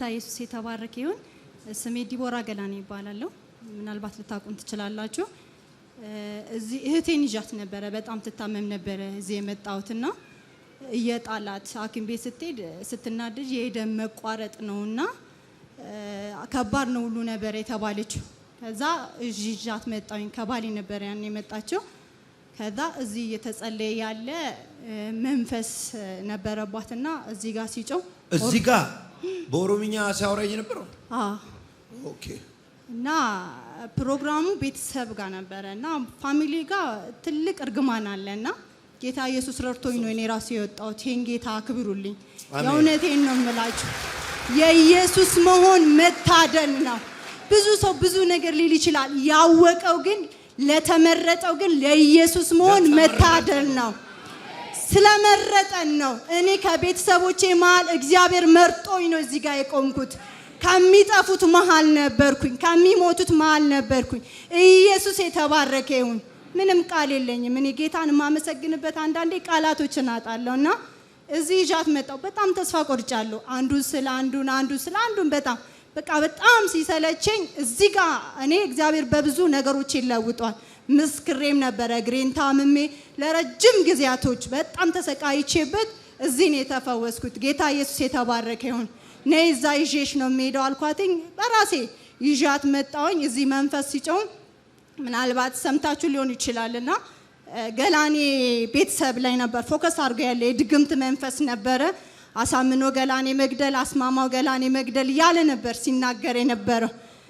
ጌታ ኢየሱስ የተባረከ ይሁን። ስሜ ዲቦራ ገላኔ ይባላለሁ። ምናልባት ልታቁን ትችላላችሁ። እዚህ እህቴን ይዣት ነበረ። በጣም ትታመም ነበረ እዚህ የመጣውትና እየጣላት ሐኪም ቤት ስትሄድ ስትናደጅ የደም መቋረጥ ነውና ከባድ ነው ሁሉ ነበረ የተባለችው። ከዛ ይዣት መጣሁኝ። ከባሌ ነበረ ያን የመጣችው። ከዛ እዚህ እየተጸለየ ያለ መንፈስ ነበረባትና እዚህ ጋር ሲጮው እዚህ ጋር በኦሮምኛ ሲያወራኝ ነበረው። ኦኬ። እና ፕሮግራሙ ቤተሰብ ጋር ነበረ እና ፋሚሊ ጋር ትልቅ እርግማን አለ እና ጌታ ኢየሱስ ረድቶኝ ነው እኔ ራሴ የወጣሁት። ይሄን ጌታ አክብሩልኝ። የእውነቴን ነው የምላችሁ። የኢየሱስ መሆን መታደል ነው። ብዙ ሰው ብዙ ነገር ሊል ይችላል። ያወቀው ግን ለተመረጠው ግን ለኢየሱስ መሆን መታደል ነው። ስለመረጠን ነው። እኔ ከቤተሰቦቼ መሀል እግዚአብሔር መርጦኝ ነው እዚህ ጋር የቆምኩት። ከሚጠፉት መሀል ነበርኩኝ፣ ከሚሞቱት መሀል ነበርኩኝ። ኢየሱስ የተባረከ ይሁን። ምንም ቃል የለኝም። እኔ ጌታን የማመሰግንበት አንዳንዴ ቃላቶችን አጣለሁ እና እዚህ ይዣት መጣሁ። በጣም ተስፋ ቆርጫለሁ። አንዱን ስለ አንዱን አንዱን ስለ አንዱን በጣም በቃ በጣም ሲሰለቸኝ እዚህ ጋር እኔ እግዚአብሔር በብዙ ነገሮች ይለውጧል። ምስክሬም ነበረ። እግሬን ታምሜ ለረጅም ጊዜያቶች በጣም ተሰቃይቼበት እዚህ ነው የተፈወስኩት። ጌታ ኢየሱስ የተባረከ ይሁን። ነይ እዛ ይዤሽ ነው የሚሄደው አልኳትኝ። በራሴ ይዣት መጣሁኝ። እዚህ መንፈስ ሲጮህ ምናልባት ሰምታችሁ ሊሆን ይችላልና ገላኔ ቤተሰብ ላይ ነበር ፎከስ አድርጎ ያለ የድግምት መንፈስ ነበረ። አሳምኖ ገላኔ መግደል፣ አስማማው ገላኔ መግደል እያለ ነበር ሲናገር የነበረው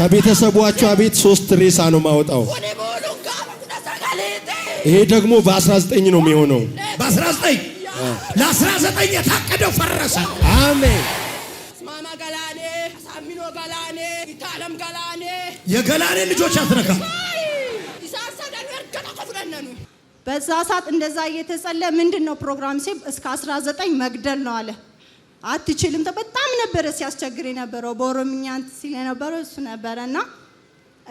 ከቤተሰቧቸው ቤት ሶስት ሬሳ ነው ማወጣው። ይሄ ደግሞ በ19 ነው የሚሆነው። በ19 ለ19 የታቀደው ፈረሰ። አሜን። የገላኔ ልጆች አትነካ። በዛ ሰዓት እንደዛ እየተጸለ ምንድን ነው ፕሮግራም ሲል እስከ 19 መግደል ነው አለ አትችልም። በጣም ነበረ ሲያስቸግር የነበረው በኦሮምኛ ሲል የነበረው እሱ ነበረ እና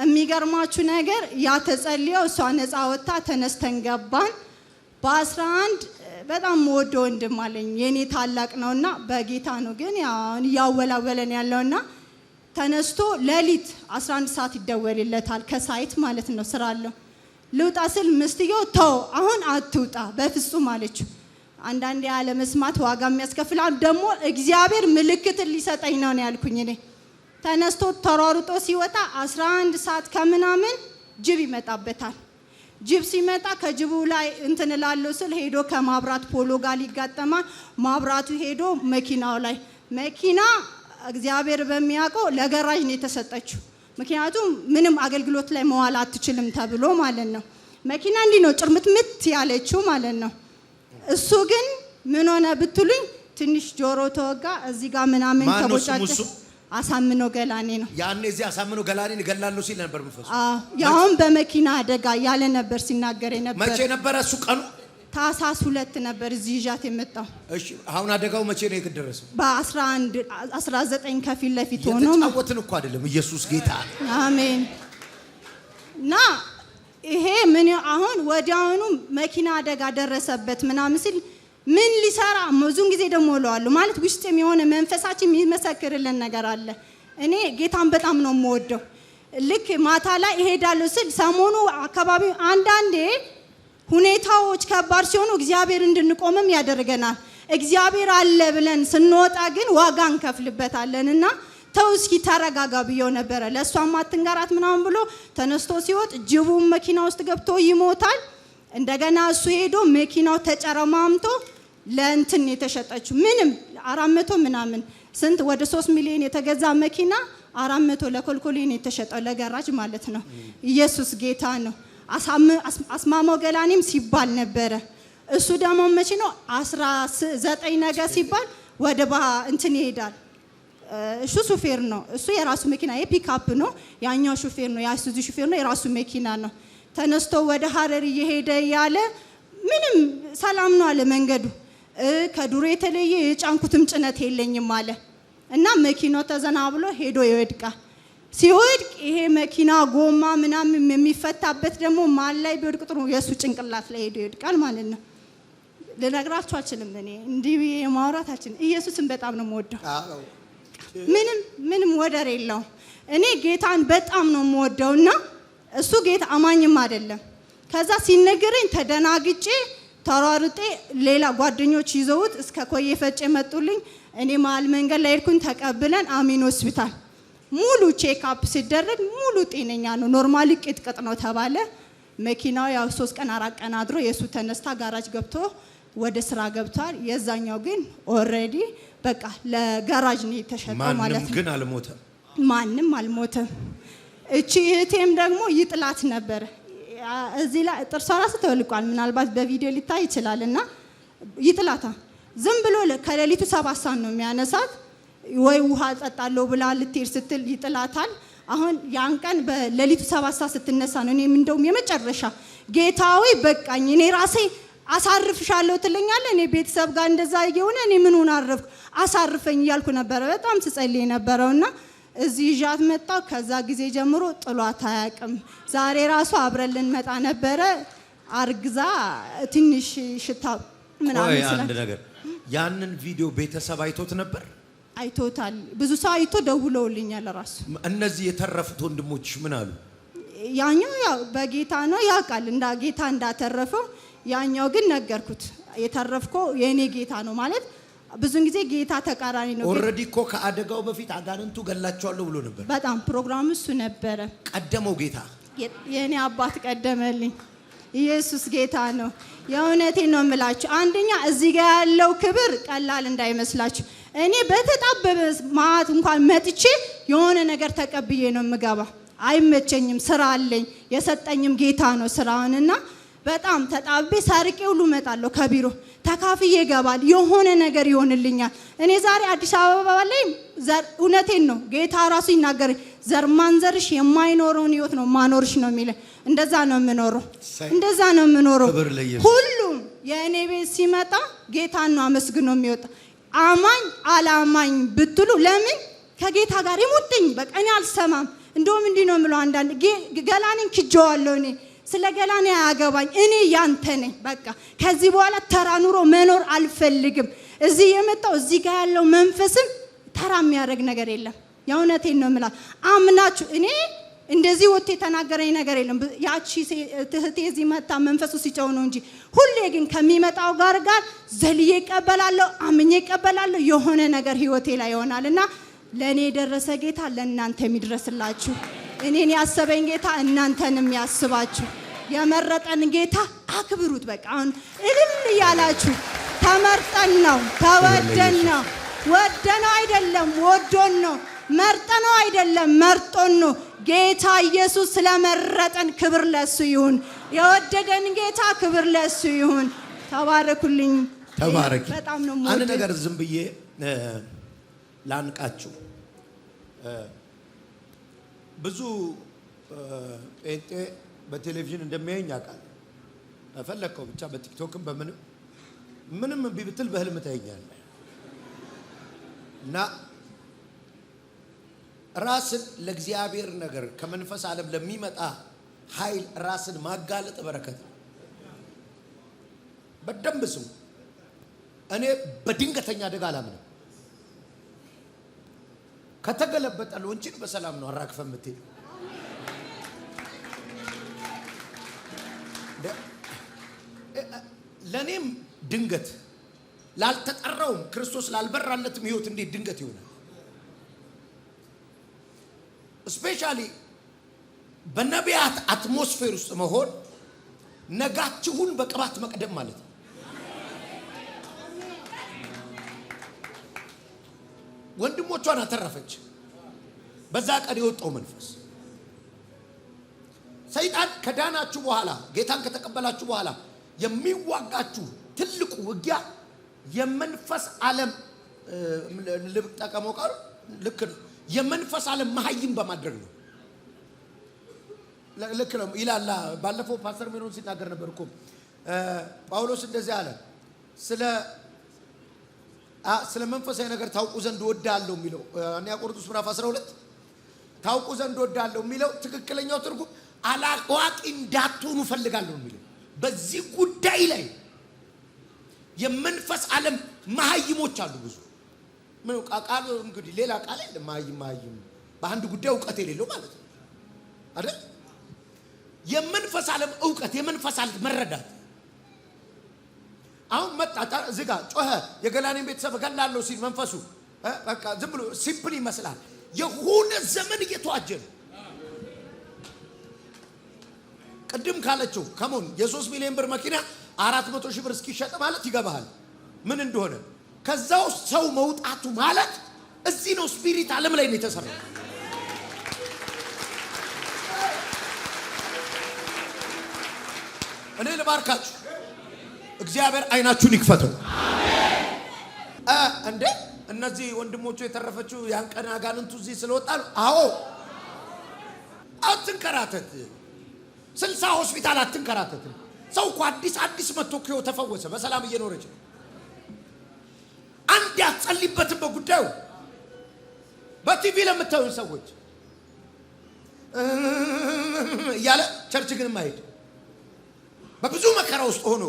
የሚገርማችሁ ነገር ያ ተጸልየው እሷ ነፃ ወጥታ ተነስተን ገባን። በአስራ አንድ በጣም ወዶ ወንድም አለኝ የእኔ ታላቅ ነውና በጌታ ነው ግን እያወላወለን ያለውና ተነስቶ ሌሊት 11 ሰዓት ይደወልለታል ከሳይት ማለት ነው ስራ አለው ልውጣ ስል ምስትየው ተው አሁን አትውጣ በፍጹም አለችው አንዳንዴ አለመስማት ዋጋ የሚያስከፍል ደግሞ እግዚአብሔር ምልክትን ሊሰጠኝ ነው ያልኩኝ። እኔ ተነስቶ ተሯሩጦ ሲወጣ 11 ሰዓት ከምናምን ጅብ ይመጣበታል። ጅብ ሲመጣ ከጅቡ ላይ እንትን እላለሁ ስል ሄዶ ከማብራት ፖሎ ጋር ሊጋጠማ ማብራቱ ሄዶ መኪናው ላይ መኪና እግዚአብሔር በሚያውቀው ለገራዥ ነው የተሰጠችው። ምክንያቱም ምንም አገልግሎት ላይ መዋል አትችልም ተብሎ ማለት ነው። መኪና እንዲህ ነው ጭርምትምት ያለችው ማለት ነው። እሱ ግን ምን ሆነ ብትሉኝ ትንሽ ጆሮ ተወጋ እዚህ ጋር ምናምን ተቦጫጭ አሳምኖ ገላኔ ነው ያኔ እዚህ አሳምኖ ገላኔን እገላለሁ ሲል ነበር መንፈሱ። ያሁን በመኪና አደጋ ያለ ነበር ሲናገር ነበር። መቼ ነበረ እሱ ቀኑ? ታህሳስ ሁለት ነበር እዚህ ይዣት የመጣው። እሺ አሁን አደጋው መቼ ነው የተደረሰው? በ11 19 ከፊት ለፊት ሆኖ ነው። የተጫወትን እኮ አይደለም ኢየሱስ ጌታ። አሜን ና ይሄ ምን አሁን ወዲያውኑ መኪና አደጋ ደረሰበት ምናምን ሲል ምን ሊሰራ ብዙን ጊዜ ደግሞ እለዋለሁ ማለት ውስጥም የሆነ መንፈሳችን የሚመሰክርልን ነገር አለ። እኔ ጌታን በጣም ነው የምወደው። ልክ ማታ ላይ እሄዳለሁ ስል ሰሞኑ አካባቢ አንዳንዴ ሁኔታዎች ከባድ ሲሆኑ እግዚአብሔር እንድንቆምም ያደርገናል። እግዚአብሔር አለ ብለን ስንወጣ ግን ዋጋ እንከፍልበታለን እና ተው እስኪ ተረጋጋ ብየው ነበረ። ለእሷም አትንገራት ምናምን ብሎ ተነስቶ ሲወጥ ጅቡን መኪና ውስጥ ገብቶ ይሞታል። እንደገና እሱ ሄዶ መኪናው ተጨረማምቶ ለእንትን የተሸጠችው ምንም አራት መቶ ምናምን ስንት ወደ ሶስት ሚሊዮን የተገዛ መኪና አራት መቶ ለኮልኮሌን የተሸጠው ለገራጅ ማለት ነው። ኢየሱስ ጌታ ነው። አስማማው ገላኔም ሲባል ነበረ። እሱ ደግሞ መቼ ነው አስራ ዘጠኝ ነገር ሲባል ወደ እንትን ይሄዳል እሱ ሹፌር ነው። እሱ የራሱ መኪና የፒካፕ ነው። ያኛው ሹፌር ነው፣ የአይሱዙ ሹፌር ነው። የራሱ መኪና ነው። ተነስቶ ወደ ሀረር እየሄደ ያለ ምንም ሰላም ነው አለ መንገዱ። ከዱሮ የተለየ የጫንኩትም ጭነት የለኝም አለ እና መኪናው ተዘና ብሎ ሄዶ ይወድቃል። ሲወድቅ ይሄ መኪና ጎማ ምናምን የሚፈታበት ደግሞ ማን ላይ ቢወድቅ ጥሩ፣ የእሱ ጭንቅላት ላይ ሄዶ ይወድቃል ማለት ነው። ልነግራችሁ አልችልም እኔ እንዲህ የማውራታችን ኢየሱስን በጣም ነው የምወደው ምንም ምንም ወደር የለውም። እኔ ጌታን በጣም ነው የምወደው እና እሱ ጌታ አማኝም አይደለም። ከዛ ሲነገረኝ ተደናግጬ ተሯሩጤ ሌላ ጓደኞች ይዘውት እስከ ኮዬ ፈጬ መጡልኝ። እኔ መሀል መንገድ ላይ ሄድኩኝ። ተቀብለን አሚን ሆስፒታል ሙሉ ቼክ አፕ ሲደረግ ሙሉ ጤነኛ ነው። ኖርማሊ ቅጥቅጥ ነው ተባለ። መኪናው ያው ሶስት ቀን አራት ቀን አድሮ የእሱ ተነስታ ጋራጅ ገብቶ ወደ ስራ ገብቷል። የዛኛው ግን ኦልሬዲ በቃ ለጋራጅ ነው የተሸጠው ማለት ነው። ግን አልሞተም፣ ማንም አልሞተም። እቺ እህቴም ደግሞ ይጥላት ነበር። እዚህ ላይ ጥርሷ ራሱ ተወልቋል። ምናልባት በቪዲዮ ሊታይ ይችላል። እና ይጥላታል። ዝም ብሎ ከሌሊቱ ሰባት ሰዓት ነው የሚያነሳት። ወይ ውሃ ጠጣለሁ ብላ ልትሄድ ስትል ይጥላታል። አሁን ያን ቀን በሌሊቱ ሰባት ሰዓት ስትነሳ ነው እኔም እንደውም የመጨረሻ ጌታዊ በቃኝ እኔ ራሴ አሳርፍሻለሁ ትለኛለ። እኔ ቤተሰብ ጋር እንደዛ እየሆነ እኔ ምን ሆነ አረፍኩ አሳርፈኝ እያልኩ ነበረ። በጣም ስጸልይ ነበረውና እዚህ ይዣት መጣ ከዛ ጊዜ ጀምሮ ጥሏት አያውቅም። ዛሬ ራሱ አብረን ልንመጣ ነበረ። አርግዛ ትንሽ ሽታ ምናምን አንድ ነገር ያንን ቪዲዮ ቤተሰብ አይቶት ነበር። አይቶታል። ብዙ ሰው አይቶ ደውለውልኛል። ራሱ እነዚህ የተረፉት ወንድሞች ምን አሉ? ያኛው ያው በጌታ ነው ያውቃል፣ እንዳ ጌታ እንዳተረፈው ያኛው ግን ነገርኩት የተረፍኮ የእኔ ጌታ ነው ማለት ብዙን ጊዜ ጌታ ተቃራኒ ነው። ኦልሬዲ እኮ ከአደጋው በፊት አጋንንቱ ገላቸዋለሁ ብሎ ነበር። በጣም ፕሮግራም እሱ ነበረ። ቀደመው ጌታ የእኔ አባት ቀደመልኝ። ኢየሱስ ጌታ ነው። የእውነቴን ነው የምላችሁ። አንደኛ እዚህ ጋር ያለው ክብር ቀላል እንዳይመስላችሁ። እኔ በተጣበበ ማት እንኳን መጥቼ የሆነ ነገር ተቀብዬ ነው የምገባ። አይመቸኝም፣ ስራ አለኝ። የሰጠኝም ጌታ ነው ስራውንና በጣም ተጣብቤ ሰርቄ ሁሉ እመጣለሁ ከቢሮ ተካፍዬ ይገባል። የሆነ ነገር ይሆንልኛል። እኔ ዛሬ አዲስ አበባ ላይ እውነቴን ነው ጌታ ራሱ ይናገር ዘር ማንዘርሽ የማይኖረውን ህይወት ነው ማኖርሽ ነው የሚለ እንደዛ ነው የምኖረው፣ እንደዛ ነው የምኖረው። ሁሉም የእኔ ቤት ሲመጣ ጌታን ነው አመስግኖ የሚወጣ አማኝ አላማኝ ብትሉ ለምን ከጌታ ጋር ይሙጥኝ በቃ እኔ አልሰማም። እንደውም እንዲህ ነው የምለው አንዳንድ ገላኔን ክጀዋለሁ እኔ ስለ ገላ ነው ያገባኝ። እኔ ያንተ ነኝ። በቃ ከዚህ በኋላ ተራ ኑሮ መኖር አልፈልግም። እዚህ የመጣው እዚህ ጋር ያለው መንፈስም ተራ የሚያደርግ ነገር የለም። የእውነቴን ነው የምላት። አምናችሁ እኔ እንደዚህ ወጥቶ የተናገረኝ ነገር የለም። ያቺ ትህቴ እዚህ መታ መንፈሱ ሲጨው ነው እንጂ ሁሌ ግን ከሚመጣው ጋር ጋር ዘልዬ ይቀበላለሁ፣ አምኜ ይቀበላለሁ። የሆነ ነገር ህይወቴ ላይ ይሆናል እና ለእኔ የደረሰ ጌታ ለእናንተ የሚድረስላችሁ እኔን ያሰበኝ ጌታ እናንተንም ያስባችሁ የመረጠን ጌታ አክብሩት። በቃ አሁን እልል እያላችሁ ተመርጠን ነው ተወደን ነው ወደነው አይደለም፣ ወዶን ነው መርጠነው አይደለም፣ መርጦን ነው ጌታ ኢየሱስ ስለመረጠን ክብር ለሱ ይሁን። የወደደን ጌታ ክብር ለሱ ይሁን። ተባረኩልኝ። ተባረኪ። በጣም ነው አንድ ነገር ዝም ብዬ ላንቃችሁ ብዙ ጴንጤ በቴሌቪዥን እንደሚያየኝ ያውቃል። ፈለግከው ብቻ በቲክቶክም በምንም ምንም እምቢ ብትል በህልም ታየኛለህ። እና ራስን ለእግዚአብሔር ነገር ከመንፈስ ዓለም ለሚመጣ ኃይል ራስን ማጋለጥ በረከት ነው። በደንብ ስሙ። እኔ በድንገተኛ አደጋ አላምንም። ከተገለበጠ ሎንቺን በሰላም ነው አራግፈ የምትሄድ። ለእኔም ድንገት ላልተጠራውም ክርስቶስ ላልበራለትም ህይወት እንዴት ድንገት ይሆናል? እስፔሻሊ በነቢያት አትሞስፌር ውስጥ መሆን ነጋችሁን በቅባት መቅደም ማለት ነው። ወንድሞቿን አተረፈች። በዛ ቀን የወጣው መንፈስ ሰይጣን ከዳናችሁ በኋላ ጌታን ከተቀበላችሁ በኋላ የሚዋጋችሁ ትልቁ ውጊያ የመንፈስ ዓለም ጠቀመው ቃሉ ልክ ነው። የመንፈስ ዓለም መሀይም በማድረግ ነው። ልክ ነው ይላላ። ባለፈው ፓስተር ሜሮን ሲናገር ነበር እኮ ጳውሎስ እንደዚህ አለ ስለ ስለ መንፈሳዊ ነገር ታውቁ ዘንድ ወዳለሁ የሚለው እኔ ቆሮንቶስ ምዕራፍ 12 ታውቁ ዘንድ ወዳለሁ የሚለው ትክክለኛው ትርጉም አላዋቂ እንዳትሆኑ ፈልጋለሁ የሚለው በዚህ ጉዳይ ላይ የመንፈስ ዓለም መሀይሞች አሉ። ብዙ ምን ቃሉ እንግዲህ ሌላ ቃል የለም። መሀይም መሀይም በአንድ ጉዳይ እውቀት የሌለው ማለት ነው አይደል? የመንፈስ ዓለም እውቀት፣ የመንፈስ ዓለም መረዳት አሁን መጣ እዚህ ጋር ጮኸ። የገላኔን ቤተሰብ እገላለሁ ሲል መንፈሱ በቃ ዝም ብሎ ሲምፕል ይመስላል። የሆነ ዘመን እየተዋጀ ነው። ቅድም ካለችው ከሞን የሶስት ሚሊዮን ብር መኪና አራት መቶ ሺህ ብር እስኪሸጥ ማለት ይገባሃል ምን እንደሆነ። ከዛ ውስጥ ሰው መውጣቱ ማለት እዚህ ነው። ስፒሪት ዓለም ላይ ነው የተሰራው። እኔ ልባርካችሁ እግዚአብሔር አይናችሁን ይክፈተው። እንደ እነዚህ ወንድሞቹ የተረፈችው ያን ቀን አጋንንቱ እዚህ ስለወጣ አዎ፣ አትንከራተት። ስልሳ ሆስፒታል አትንከራተት። ሰው እኮ አዲስ አዲስ መጥቶ እኮ ተፈወሰ። በሰላም እየኖረች አንድ ያጸልይበትን በጉዳዩ በቲቪ ለምታዩን ሰዎች እያለ ቸርች ግን ማሄድ በብዙ መከራ ውስጥ ሆኖ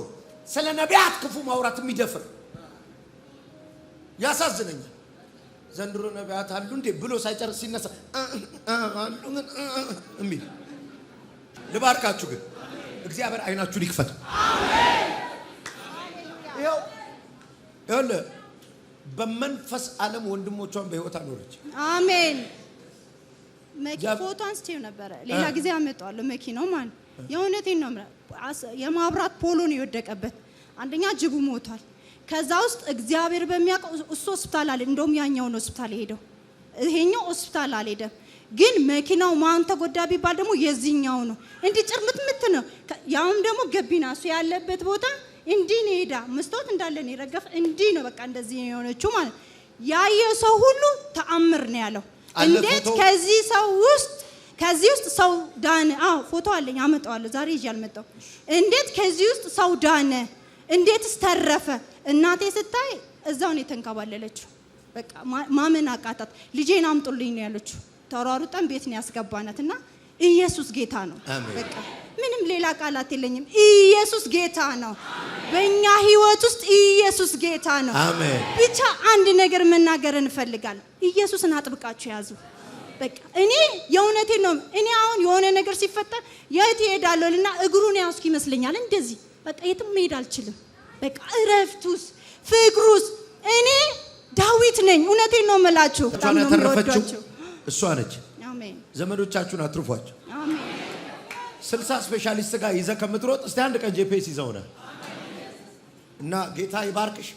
ስለ ነቢያት ክፉ ማውራት የሚደፍር ያሳዝነኛል። ዘንድሮ ነቢያት አሉ እንዴ ብሎ ሳይጨርስ ሲነሳ አሉ የሚል ልባርካችሁ ግን እግዚአብሔር አይናችሁን ይክፈት። ይኸውልህ በመንፈስ ዓለም ወንድሞቿን በህይወት አኖረች። አሜን። ፎቶ አንስቼው ነበረ ሌላ ጊዜ አመጣዋለሁ። መኪናው ማለት የእውነቴን ነው ምራ የማብራት ፖሎ ነው የወደቀበት። አንደኛ ጅቡ ሞቷል። ከዛ ውስጥ እግዚአብሔር በሚያውቀው እሱ ሆስፒታል አለ። እንደውም ያኛውን ሆስፒታል ሄደው ይሄኛው ሆስፒታል አልሄደም። ግን መኪናው ማን ተጎዳ ቢባል ደግሞ የዚህኛው ነው። እንዲህ ጭርምትምት ነው። ያውም ደግሞ ገቢና እሱ ያለበት ቦታ እንዲህ ነው። ሄዳ መስታወት እንዳለ ነው የረገፍ እንዲህ ነው። በቃ እንደዚህ ነው የሆነችው ማለት ያየ ሰው ሁሉ ተአምር ነው ያለው። እንዴት ከዚህ ሰው ውስጥ ከዚህ ውስጥ ሰው ዳነ። አዎ ፎቶ አለኝ አመጣዋለሁ። ዛሬ ይዤ አልመጣው። እንዴት ከዚህ ውስጥ ሰው ዳነ? እንዴትስ ተረፈ? እናቴ ስታይ እዛው ነው የተንከባለለችው። በቃ ማመን አቃታት። ልጄን አምጡልኝ ነው ያለችው። ተሯሩጠን ቤት ነው ያስገባናት እና ኢየሱስ ጌታ ነው። በቃ ምንም ሌላ ቃላት የለኝም። ኢየሱስ ጌታ ነው። በእኛ ህይወት ውስጥ ኢየሱስ ጌታ ነው። ብቻ አንድ ነገር መናገር እንፈልጋለን። ኢየሱስን አጥብቃችሁ ያዙ። በቃ እኔ የእውነቴን ነው። እኔ አሁን የሆነ ነገር ሲፈጠር የት እሄዳለሁ እና እግሩን ያዝኩ ይመስለኛል። እንደዚህ በቃ የትም መሄድ አልችልም። በቃ እረፍቱስ ፍቅሩስ እኔ ዳዊት ነኝ። እውነቴን ነው የምላችሁ። ያተረፈችው እሷ ነች። ዘመዶቻችሁን አትርፏቸው። ስልሳ ስፔሻሊስት ጋር ይዘህ ከምትሮጥ እስቲ አንድ ቀን ጄፒኤስ ይዘውናል እና ጌታ ይባርክሽ።